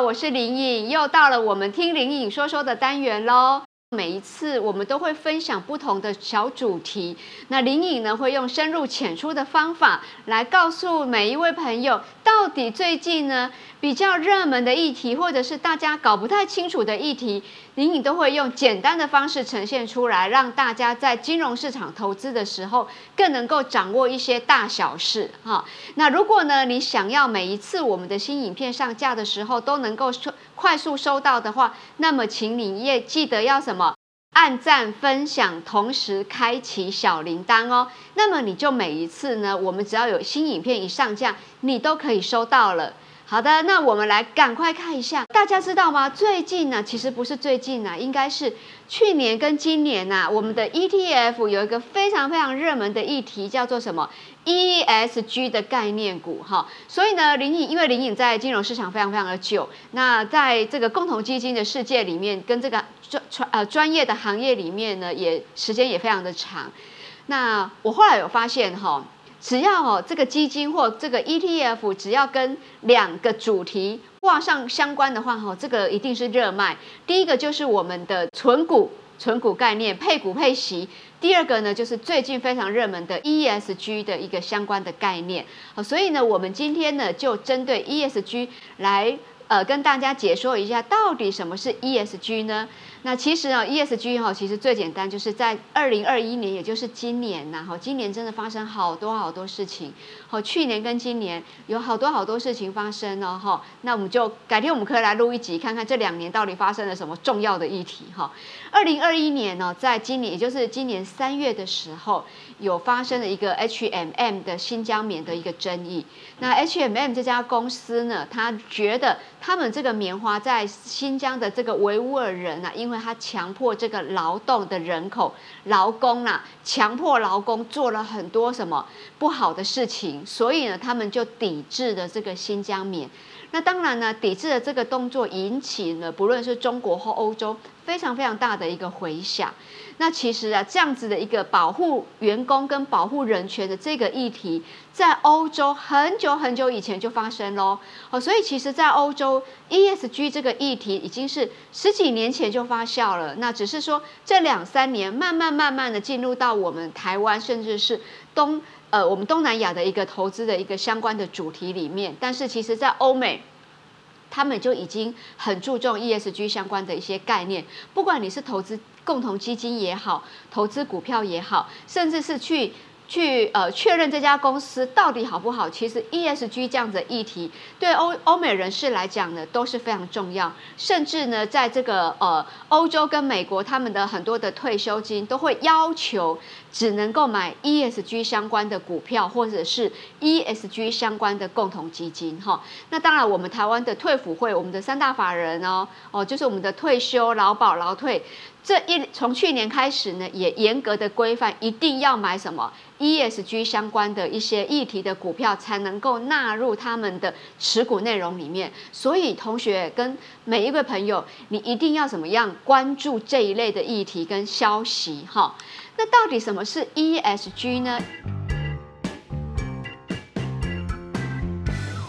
我是林穎，又到了我們聽林穎說說的單元嘍。每一次我們都會分享不同的小主題，那林穎呢會用深入淺出的方法來告訴每一位朋友，到底最近呢比較熱門的議題，或者是大家搞不太清楚的議題，林穎都會用簡單的方式呈現出來，讓大家在金融市場投資的時候更能夠掌握一些大小事哈。那如果呢你想要每一次我們的新影片上架的時候都能夠快速收到的話，那麼請你也記得要什麼按讚、分享，同時開啟小鈴鐺哦。那麼你就每一次呢，我們只要有新影片一上架，你都可以收到了。好的，那我們來趕快看一下，大家知道嗎？最近呢，啊，其實不是最近啊，應該是去年跟今年啊，我們的 ETF 有一個非常非常熱門的議題，叫做什麼？E S G 的概念股，哈，所以呢，林穎因為林穎在金融市場非常非常的久，那在這個共同基金的世界裡面，跟這個專專呃專業的行業裡面呢，也時間也非常的長。那我後來有發現，哈，只要哦這個基金或這個 E T F，只要跟兩個主題掛上相關的話，哈，這個一定是熱賣。第一個就是我們的存股。存股概念配股配息，第二個呢就是最近非常熱門的 E S G 的一個相關的概念。好、哦，所以呢，我們今天呢就針對 E S G 來呃跟大家解說一下，到底什麼是 E S G 呢？那其實呢 ESG 哈，其實最簡單就是在二零二一年，也就是今年吶，哈，今年真的發生好多好多事情，去年跟今年有好多好多事情發生哦，哈，那我們就改天我們可以來錄一集，看看這兩年到底發生了什麼重要的議題哈。二零二一年呢，在今年，也就是今年三月的時候，有發生了一個 HMM 的新疆棉的一個爭議。那 HMM 這家公司呢，他覺得他們這個棉花在新疆的這個維吾爾人啊，因因為他強迫這個勞動的人口勞工啊，強迫勞工做了很多什麼不好的事情，所以呢，他們就抵制了這個新疆棉。那當然呢，抵制的這個動作引起了不論是中國或歐洲。非常非常大的一個迴響。那其實啊，這樣子的一個保護員工跟保護人權的這個議題，在歐洲很久很久以前就發生嘍。哦，所以其實在歐洲，ESG 這個議題已經是十幾年前就發酵了。那只是說這兩三年，慢慢慢慢的進入到我們台灣，甚至是東呃我們東南亞的一個投資的一個相關的主題裡面。但是其實在歐美。他們就已經很注重 ESG 相關的一些概念，不管你是投資共同基金也好，投資股票也好，甚至是去去呃確認這家公司到底好不好，其實 ESG 這樣子的議題對歐歐美人士來講呢都是非常重要，甚至呢，在這個呃歐洲跟美國，他們的很多的退休金都會要求。只能夠買 ESG 相關的股票，或者是 ESG 相關的共同基金，哈。那當然，我們台灣的退輔會，我們的三大法人哦，哦，就是我們的退休勞保勞退，這一從去年開始呢，也嚴格的規範，一定要買什麼 ESG 相關的一些議題的股票，才能夠納入他們的持股內容裡面。所以，同學跟每一位朋友，你一定要怎麼樣關注這一類的議題跟消息，哈。那到底什麼是 ESG 呢？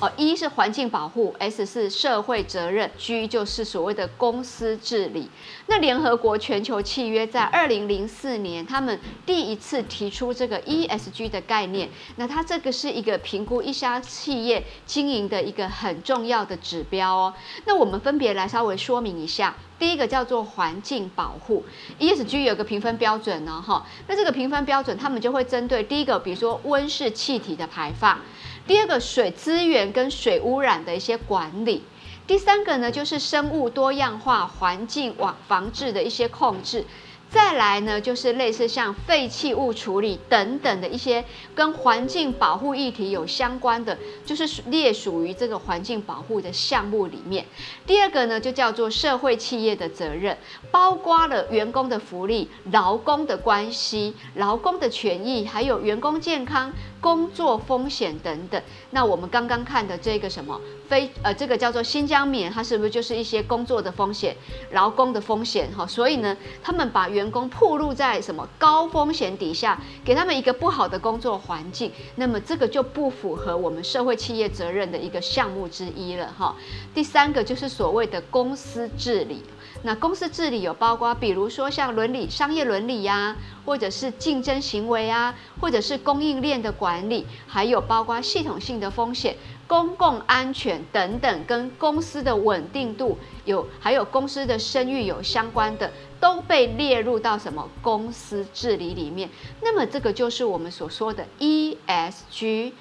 哦，E 是環境保護，S 是社會責任，G 就是所謂的公司治理。那聯合國全球契約在二零零四年，他們第一次提出這個 ESG 的概念。那它這個是一個評估一家企業經營的一個很重要的指標哦。那我們分別來稍微說明一下。第一個叫做環境保護，ESG 有一個評分標準呢，哈，那這個評分標準他們就會針對第一個，比如說溫室氣體的排放，第二個水資源跟水污染的一些管理，第三個呢，就是生物多樣化環境防治的一些控制。再來呢，就是類似像廢棄物處理等等的一些跟環境保護議題有相關的，就是列屬於這個環境保護的項目裡面。第二個呢，就叫做社會企業的責任，包括了員工的福利、勞工的關係、勞工的權益，還有員工健康、工作風險等等。那我們剛剛看的這個什麼非呃，這個叫做新疆棉，它是不是就是一些工作的風險、勞工的風險？哈，所以呢，他們把員員工暴露在什麼高風險底下，給他們一個不好的工作環境，那麼這個就不符合我們社會企業責任的一個項目之一了哈。第三個就是所謂的公司治理，那公司治理有包括，比如說像倫理、商業倫理呀、啊，或者是競爭行為啊，或者是供應鏈的管理，還有包括系統性的風險。公共安全等等，跟公司的穩定度有，還有公司的聲譽有相關的，都被列入到什麼公司治理裡面。那麼，這個就是我們所說的 ESG。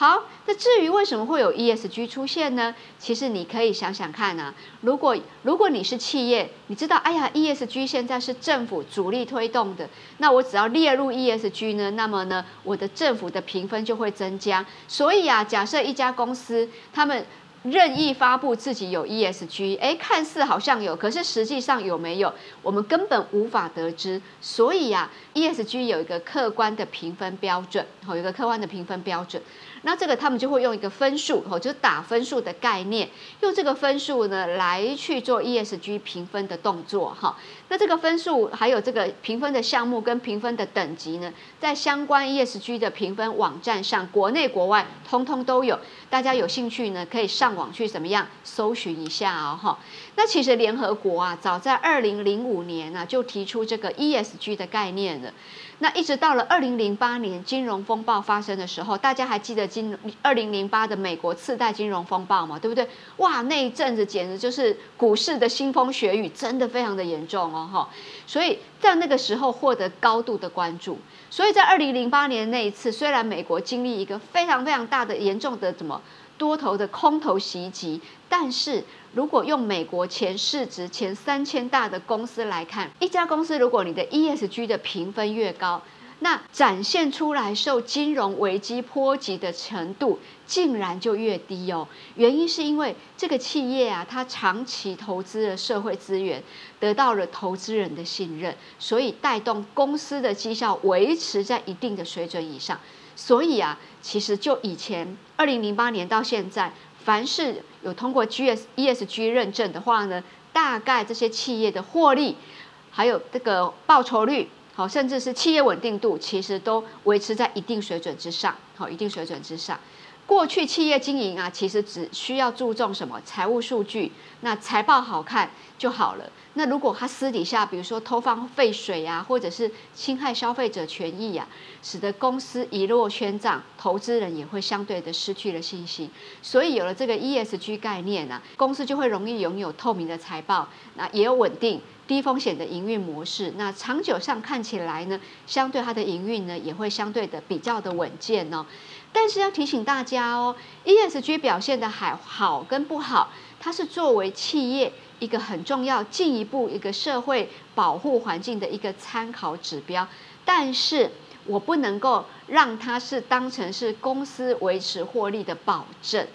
好，那至於為什麼會有 ESG 出現呢？其實你可以想想看啊，如果如果你是企業，你知道，哎呀，ESG 現在是政府主力推動的，那我只要列入 ESG 呢，那麼呢，我的政府的評分就會增加。所以啊，假設一家公司他們任意發布自己有 ESG，哎、欸，看似好像有，可是實際上有沒有，我們根本無法得知。所以啊，ESG 有一個客觀的評分標準，有一個客觀的評分標準。那這個他們就會用一個分數，哈，就是打分數的概念，用這個分數呢，來去做 ESG 評分的動作，哈。那這個分數還有這個評分的項目跟評分的等級呢，在相關 ESG 的評分網站上，國內國外通通都有。大家有興趣呢，可以上網去怎麼樣搜尋一下哦。哈，那其實聯合國啊，早在二零零五年呢、啊，就提出這個 ESG 的概念了。那一直到了二零零八年金融風暴發生的時候，大家還記得金二零零八的美國次貸金融風暴嘛？對不對？哇，那一陣子簡直就是股市的腥風血雨，真的非常的嚴重哦。哈，所以在那個時候獲得高度的關注。所以在二零零八年那一次，雖然美國經歷一個非常非常大的嚴重的什麼多頭的空頭襲擊，但是如果用美國前市值前三千大的公司來看，一家公司如果你的 ESG 的評分越高，那展現出來受金融危機波及的程度，竟然就越低哦。原因是因為這個企業啊，它長期投資了社會資源，得到了投資人的信任，所以帶動公司的績效維持在一定的水準以上。所以啊，其實就以前二零零八年到現在，凡是有通過 G S E S G 認證的話呢，大概這些企業的獲利，還有這個報酬率。好，甚至是企業穩定度，其實都維持在一定水準之上。好，一定水準之上。過去企業經營啊，其實只需要注重什麼財務數據，那財報好看就好了。那如果他私底下，比如說偷放廢水呀、啊，或者是侵害消費者權益呀、啊，使得公司一落千丈，投資人也會相對的失去了信心。所以有了這個 ESG 概念啊，公司就會容易擁有透明的財報，那也有穩定、低風險的營運模式。那長久上看起來呢，相對它的營運呢，也會相對的比較的穩健哦。但是要提醒大家哦，ESG 表現的還好跟不好，它是作為企業一個很重要、進一步一個社會保護環境的一個參考指標。但是我不能夠讓它是當成是公司維持獲利的保證。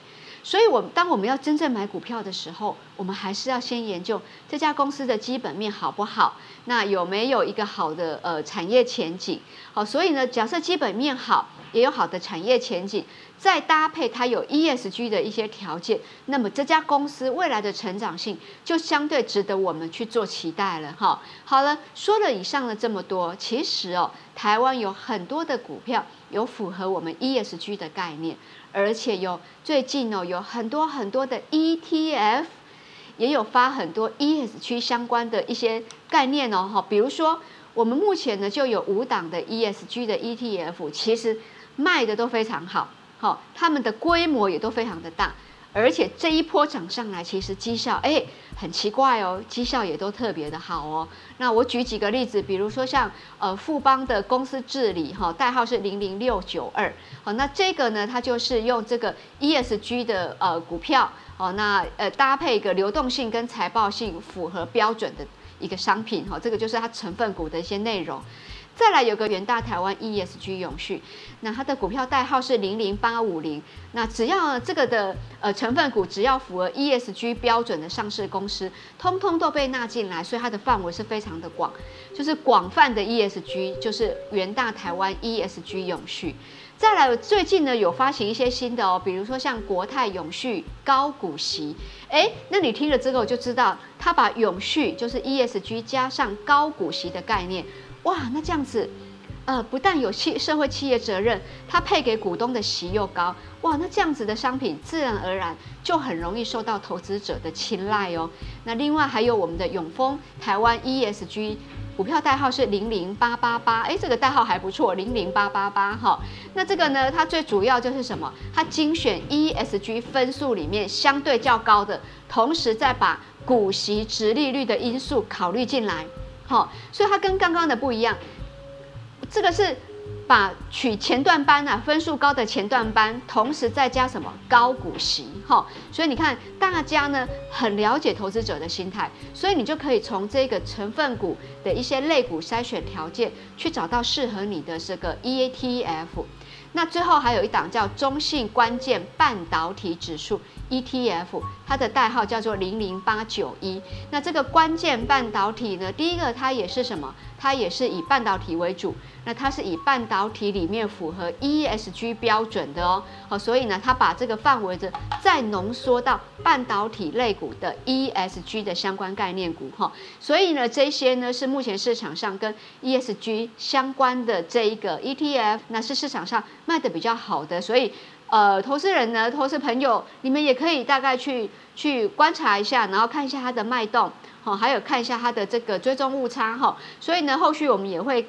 所以我們，我當我們要真正買股票的時候，我們還是要先研究這家公司的基本面好不好，那有沒有一個好的呃產業前景？好，所以呢，假設基本面好，也有好的產業前景，再搭配它有 ESG 的一些條件，那麼這家公司未來的成長性就相對值得我們去做期待了哈。好了，說了以上的這麼多，其實哦，台灣有很多的股票有符合我們 ESG 的概念。而且有最近哦，有很多很多的 ETF，也有發很多 ESG 相關的一些概念哦哈。比如說，我們目前呢就有五檔的 ESG 的 ETF，其實賣的都非常好，好，他們的規模也都非常的大。而且這一波漲上來，其實績效哎、欸、很奇怪哦、喔，績效也都特別的好哦、喔。那我舉幾個例子，比如說像呃富邦的公司治理哈，代號是零零六九二，好，那這個呢，它就是用這個 ESG 的呃股票哦，那呃搭配一個流動性跟財報性符合標準的一個商品哈，這個就是它成分股的一些內容。再來有個元大台灣 ESG 永續，那它的股票代號是零零八五零。那只要這個的呃成分股，只要符合 ESG 標準的上市公司，通通都被納進來，所以它的範圍是非常的廣，就是廣泛的 ESG，就是元大台灣 ESG 永續。再來最近呢有發行一些新的哦，比如說像國泰永續高股息，誒，那你聽了之後就知道，他把永續就是 ESG 加上高股息的概念。哇，那這樣子，呃，不但有企社會企業責任，它配給股東的息又高，哇，那這樣子的商品，自然而然就很容易受到投資者的青睞哦。那另外還有我們的永豐台灣 ESG 股票代號是零零八八八，哎，這個代號還不錯，零零八八八哈。那這個呢，它最主要就是什麼？它精選 ESG 分數裡面相對較高的，同時再把股息、殖利率的因素考慮進來。好、哦，所以它跟剛剛的不一樣，這個是把取前段班啊，分數高的前段班，同時再加什麼高股息。哈、哦，所以你看大家呢很了解投資者的心態，所以你就可以從這個成分股的一些類股篩選條件去找到適合你的這個 ETF。那最後還有一檔叫中性信關鍵半導體指數。ETF，它的代號叫做零零八九一。那這個關鍵半導體呢，第一個它也是什麼？它也是以半導體為主。那它是以半導體裡面符合 ESG 標準的哦。好、哦，所以呢，它把這個範圍的再濃縮到半導體類股的 ESG 的相關概念股哈、哦。所以呢，這些呢是目前市場上跟 ESG 相關的這一個 ETF，那是市場上賣得比較好的，所以。呃，投資人呢，投資朋友，你們也可以大概去去觀察一下，然後看一下它的脈動，哈，還有看一下它的這個追蹤誤差，哈。所以呢，後續我們也會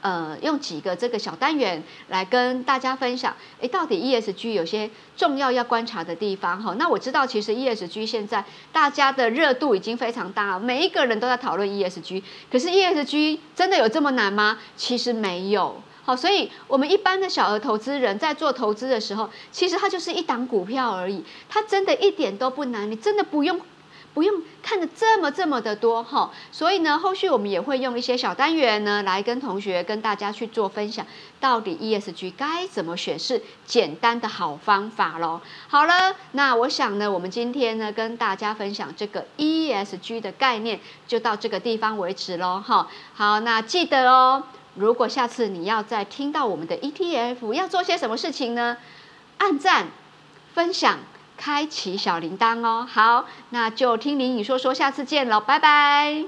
呃用幾個這個小單元來跟大家分享，哎、欸，到底 ESG 有些重要要觀察的地方，哈。那我知道，其實 ESG 現在大家的熱度已經非常大，每一個人都在討論 ESG，可是 ESG 真的有這麼難嗎？其實沒有。好，所以我們一般的小額投資人，在做投資的時候，其實它就是一檔股票而已，它真的一點都不難，你真的不用，不用看得這麼這麼的多哈。所以呢，後續我們也會用一些小單元呢，來跟同學跟大家去做分享，到底 ESG 該怎麼選是簡單的好方法嘍。好了，那我想呢，我們今天呢，跟大家分享這個 ESG 的概念，就到這個地方為止嘍哈。好，那記得哦。如果下次你要再聽到我們的 ETF，要做些什麼事情呢？按贊、分享、開啟小鈴鐺哦。好，那就聽林穎說說，下次見了，拜拜。